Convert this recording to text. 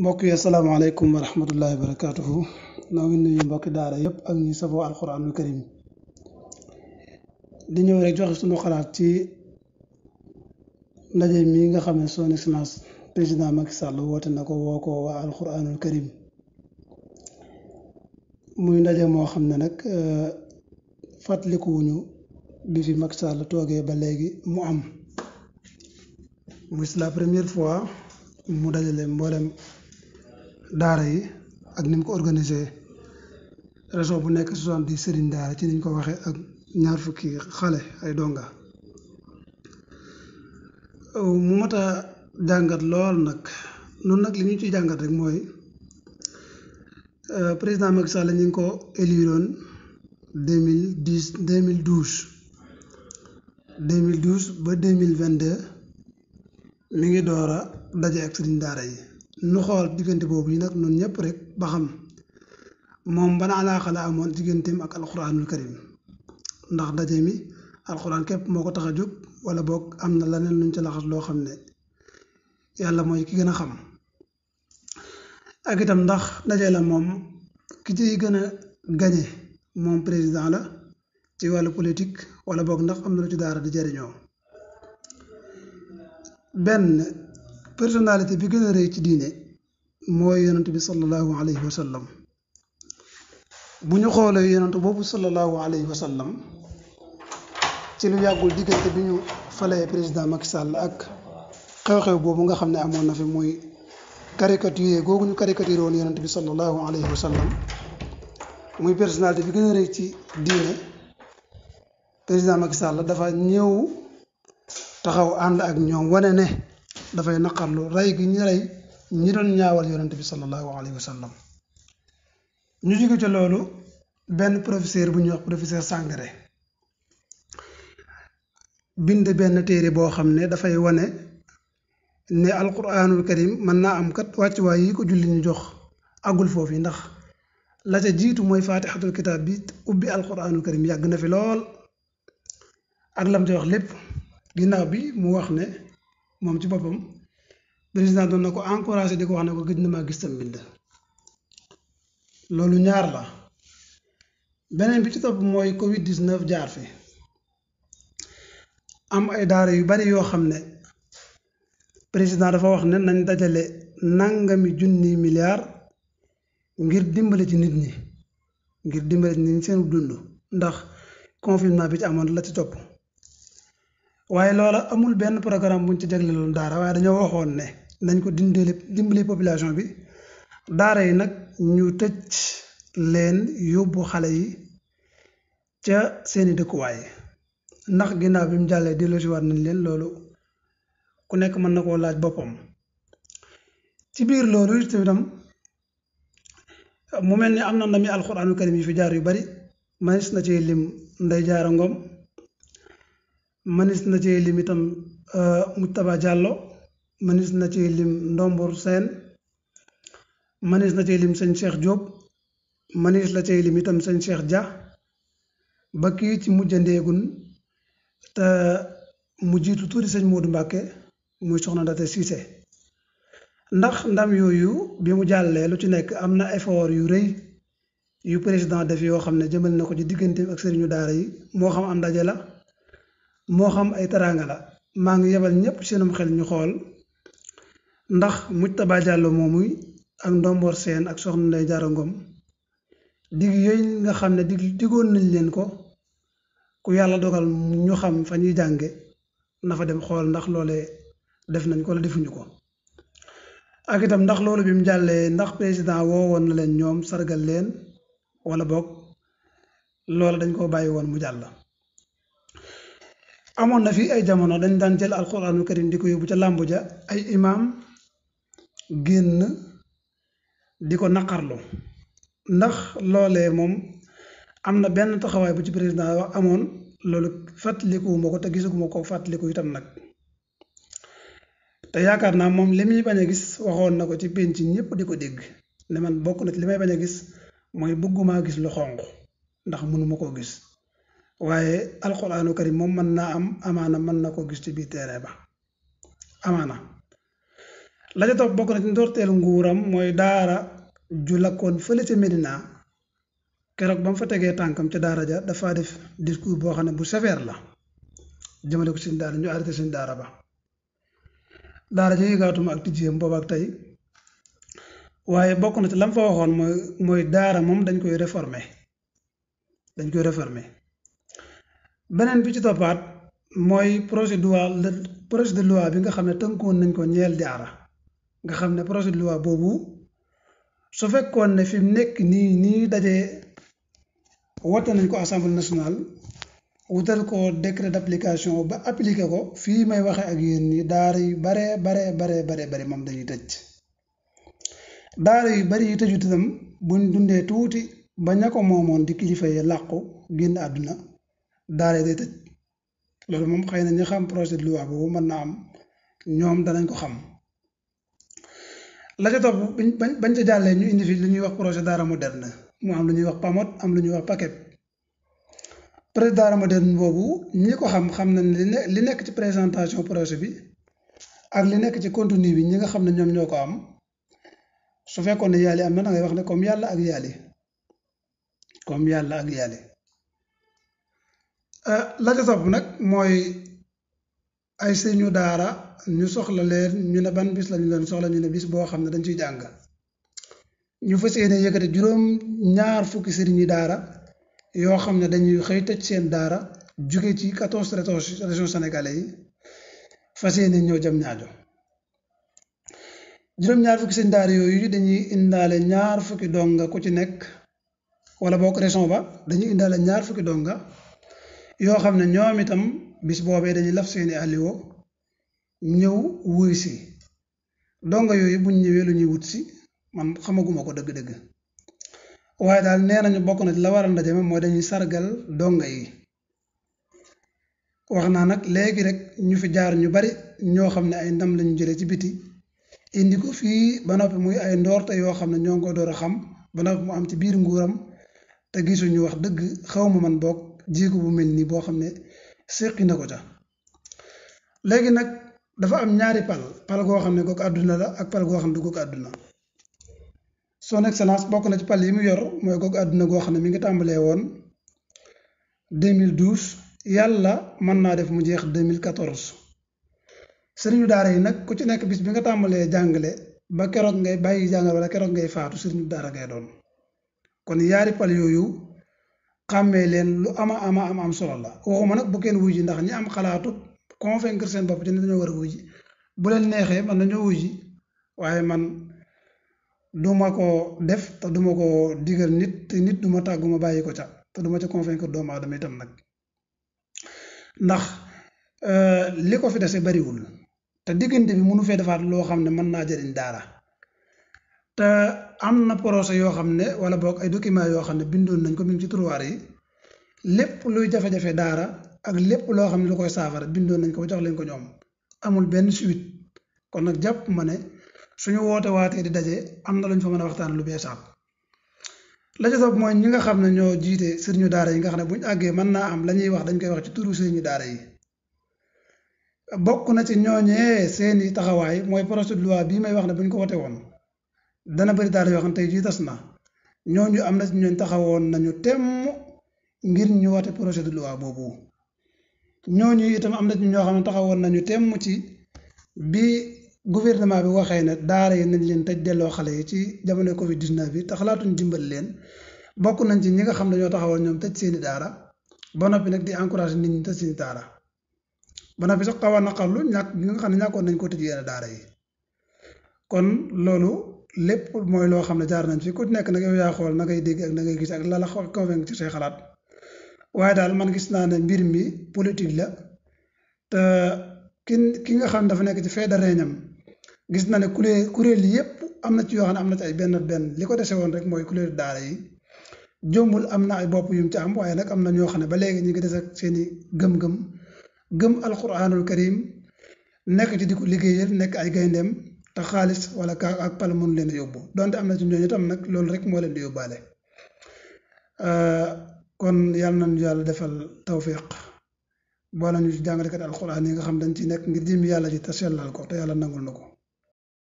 mbokk yi asalaamaaleykum wa rahmatullahi wa barakaatuhu noo mbokki daara yëpp ak ñi safoo alquranul karim di ñëw rek joxe suñu xalaat ci ndaje mii nga xam ne son excellence président Macky Sall woote na ko woo ko waa alquranul karim muy ndaje moo xam ne nag euh, fàttalikuwuñu bi fi Macky Sall toogee ba léegi mu am muy la première fois mu dajale mboolem daara yi ak ni mu ko organisé région bu nekk soixante-dix sëriñ daara ci niñ ko waxee ak ñaar fukki xale ay donga mu mat a jàngat lool nag noonu nag li ñu ci jàngat rek mooy euh, président Macky Sall ñu ngi ko éliroon deux mille dix deux mille douze deux mille douze ba deux mille vingt deux mi ngi door a daje ak sëriñ daara yi nu xool diggante boobu yi nag noonu ñëpp rek ba xam moom bana alaaqa xalaa amoon digganteem ak alquranul karim ndax daje mi alxuraan képp moo ko tax a jóg wala boog am na leneen luñ ci laxas loo xam ne yàlla mooy ki gën a xam ak itam ndax daje la moom ki ciy gën a gañe moom président la ci wàllu politique wala boog ndax am na lu ci daara di jëriñoo benn personnalité bi gën a rëy ci diine mooy yonent bi sallallahu alayhi wa sallam bu ñu xoolee yonent boobu sallallahu alayhi wa sallam ci lu yàggul diggante bi ñu falee président Macky Sall ak xew-xew boobu nga xam ne amoon na fi muy caricature googu ñu caricature woon yonent bi sallallahu alayhi wa sallam muy personnalité bi gën a rëy ci diine président Macky Sall dafa ñëw. taxaw ànd ak ñoom wane ne dafay naqarlu rey gi ñu rey ñi doon ñaawal yonent bi sallallahu alayhi wa sallam ñu jóge ca loolu benn professeur bu ñuy wax professeur Sangaré bind benn téere boo xam ne dafay wane ne alquranul karim mën naa am kat wàccuwaay yi ko julli ñu jox agul foofu ndax la ca jiitu mooy faatixatul kitaab bi ubbi alquranul karim yàgg na fi lool ak lam ci wax lépp ginnaaw bi mu wax ne moom ci boppam président doon na ko encouragé di ko wax ne ko gis na maa gis sa mbind loolu ñaar la beneen bi ci topp mooy Covid 19 jaar fi am ay daara yu bari yoo xam ne président dafa wax ne nañ dajale nangami junni milliards ngir dimbali ci nit ñi ngir dimbali ci nit ñi seen dund ndax confinement bi ci amoon la ci topp. waaye loola amul benn programme buñ ci jagleeloon daara waaye dañoo waxoon ne nañ ko dindale dimbali population bi daara yi nag ñu tëj leen yóbbu xale yi ca seeni dëkkuwaay ndax ginnaaw bi mu jàllee delloosiwaat nañ leen loolu ku nekk mën na koo laaj boppam ci biir loolu itam mu mel ni am na ndami alxuraanu karim yi fi jaar yu bari manis na ci lim nday jaara ngom mënis na ci lim itam euh, Moujtaba Diallo mënis na ci lim Ndombor Sène mënis na cee lim sëñ Cheikh Diop mënis la ci lim itam sëñ Cheikh Dia ba kii ci mujjandeegun te mu jiitu tuuti sëñ Modou Mbàkke muy soxna Ndate Cissé ndax ndam yooyu bi mu jàllee lu ci nekk am na effort yu rëy yu président def yoo xam ne jëmal na ko ci digganteem ak sëriñu daara yi moo xam am ndaje la moo xam ay teraanga la maa ngi yebal ñépp seenum xel ñu xool ndax Moujtaba Diallo moomuy ak Ndomboor Seen ak soxna Ndey Jaara Ngom digg yooyu nga xam ne digg diggoon nañ leen ko ku yàlla dogal ñu xam fa ñuy jànge na dem xool ndax loole def nañ ko la defuñu ko ak itam ndax loolu bi mu jàllee ndax président woo woowoon na leen ñoom sargal leen wala boog loola dañ koo bàyyi woon mu jàll amoon na fii ay jamono dañ daan jël alquraanu karim di koy bu ca làmbu ja ay imaam génn di ko naqarlu ndax loolee moom am na benn taxawaay bu ci président wax amoon loolu fàttalikuwuma ko te gisaguma ko fàttaliku itam nag te yaakaar naa moom li muy bañ a gis waxoon na ko ci penc ñëpp di ko dégg ne man bokk na li may bañ a gis mooy bëggumaa gis lu xonq ndax mënuma koo gis waaye alquraanu karim moom mën naa am amaana mën na ko gis ci biir téere ba amaana la ca topp bokk na ci ndorteel nguuram mooy daara ju lakkoon fële ca Medina keroog ba fa tegee tànkam ca daara ja dafa def discours boo xam ne bu sévère la jëmale ko seen daara ñu arrêté seen daara ba daara ja yëgaatuma ak tijjiyam booba tey waaye bokk na ci lam fa waxoon mooy daara moom dañ koy réformer dañ koy réformer beneen bi ci toppaat mooy projet de loi projet de loi bi nga xam ne tënkoon nañ ko ñeel jaara nga xam ne projet de loi boobu su fekkoon ne fi mu nekk nii nii dajee wote nañ ko assemblée national wutal ko décret d'application ba appliqué ko fii may waxe ak yéen nii daara yu bare bare bare bare bari moom dañuy tëj daara yu bari yu tëju itam buñ dundee tuuti ba ña ko moomoon di kilifa yi làqu génn àdduna daara day tëj loolu moom xëy na ñi xam projet lu loi boobu mën naa am ñoom danañ ko xam la ca topp bañ bañ ca jàllee ñu indi fii lu ñuy wax projet daara moderne moo am lu ñuy wax pamot am lu ñuy wax paquet projet daara moderne boobu ñi ko xam xam nañ li nekk ci présentation projet bi ak li nekk ci contenu bi ñi nga xam ne ñoom ñoo ko am su fekkoon ne yàlla am na da ngay wax ne comme yàlla ak yàlla comme yàlla ak yàlla. Euh, la ca sab nag mooy ay sëñu daara ñu soxla leen ñu ne ban bis lañu leen soxla ñu ne bis boo xam ne dañ ciy jàng ñu fas yéene yëkkati juróom ñaar fukki sëriñi daara yoo xam ne dañuy xëy tëj seen daara jóge ci quatorze régions sénégalais yi fas yéene ñëw jam ñaajo juróom ñaar fukki sëriñ daara yooyu dañuy indaale ñaar fukki donga ku ci nekk wala bokk région ba dañuy indaale ñaar fukki donga yoo xam ne ñoom itam bis boobee dañuy laf seeni àlliwo ñëw wuy si dongo yooyu buñ ñëwee lu ñuy wut si man xamaguma ko dëgg-dëgg waaye daal nee nañu bokk na ci la waral ndaje ma mooy dañuy sargal dongo yi wax naa nag léegi rek ñu fi jaar ñu bari ñoo xam ne ay ndam lañu jële ci biti indi ko fii ba noppi muy ay ndoorte yoo xam ne ñoo ngi ko door a xam ba noppi mu am ci biir nguuram te gisuñu wax dëgg xaw ma man bokk jiiku bu mel nii boo xam ne séqi na ko ca léegi nag dafa am ñaari pal pal goo xam ne kooku àdduna la ak pal goo xam ne du kooku àdduna son excellence bokk na ci pal yi mu yor mooy kooku àdduna goo xam ne mi ngi tàmbalee woon 2012 yàlla mën naa def mu jeex 2014 sëriñu daara yi nag ku ci nekk bis bi nga tàmbalee jàngale ba keroog ngay bàyyi jàngale wala keroog ngay faatu sëriñu daara ngay doon kon yaari pal yooyu xàmmee leen lu ama ama am am solo la waxuma nag bu kenn wuy ji ndax ñi am xalaatu convaincre seen bopp ci ne dañoo war a wuy ji bu leen neexee man nañoo wuy waaye man duma ko def te duma ko digal nit te nit duma tàgguma bàyyi ko ca te duma ca convaincre doomu aadama itam nag ndax euh, li ko fi dese bariwul te diggante bi mënu fee defaat loo xam ne mën naa jëriñ daara te am na projet yoo xam ne wala boog ay documents yoo xam ne bindoon nañ ko bi ngi ci tiroir yi lépp luy jafe-jafe daara ak lépp loo xam ne lu koy saafara bindoon nañ ko ba jox leen ko ñoom amul benn suite kon nag jàpp ma ne suñu woote waatee di daje am na lu fa mën a waxtaan lu beesaat la ca topp mooy ñi nga xam ne ñoo jiite sëriñu daara yi nga xam ne buñ àggee mën naa am la ñuy wax dañ koy wax ci turu sëriñu daara yi bokk na ci ñooñee seeni taxawaay mooy projet de loi bii may wax ne buñ ko wote woon dana bëri daara yoo xam ne tey jii tas na ñooñu am na ñooñ taxawoon nañu temm ngir ñu woote projet de loi boobu ñooñu itam am na ñoo xam ne taxawoon nañu temm ci bi gouvernement bi waxee ne daara yi nañ leen tëj delloo xale yi ci jamono Covid bi te xalaatuñ dimbal leen bokk nañ ci ñi nga xam ne ñoo taxawoon ñoom tëj seeni daara ba noppi nag di encouragé nit ñi tëj seeni daara ba noppi sax xaw a naqarlu ñàkk ñi nga xam ne ñàkkoon nañ ko tëj yenn daara yi kon loolu. lépp mooy loo xam ne jaar nañ fi ku nekk na yow yaa xool na ngay dégg ak na ngay gis ak la la convaincre ci say xalaat waaye daal man gis naa ne mbir mi politique la te ki ki nga xam dafa nekk ci feeda reñam gis naa ne kuréel kuréel yépp am na ci yoo xam ne am na ci ay benn benn li ko dese woon rek mooy kuréel daara yi jombul am na ay bopp yu mu ci am waaye nag am na ñoo xam ne ba léegi ñu ngi des ak seeni gëm-gëm gëm alquranul karim nekk ci di ko liggéeyal nekk ay gayndeem te xaalis wala kaa ak pala mënu leen a yóbbu donte am na ci ñooñu tam nag loolu rek moo leen di yóbbaale euh, kon yal nañu yàlla defal tawfiq boo nañu jàngalekat alquran yi nga xam dañ ci nekk ngir jëm yàlla ji te sellal ko te yàlla nangul na ko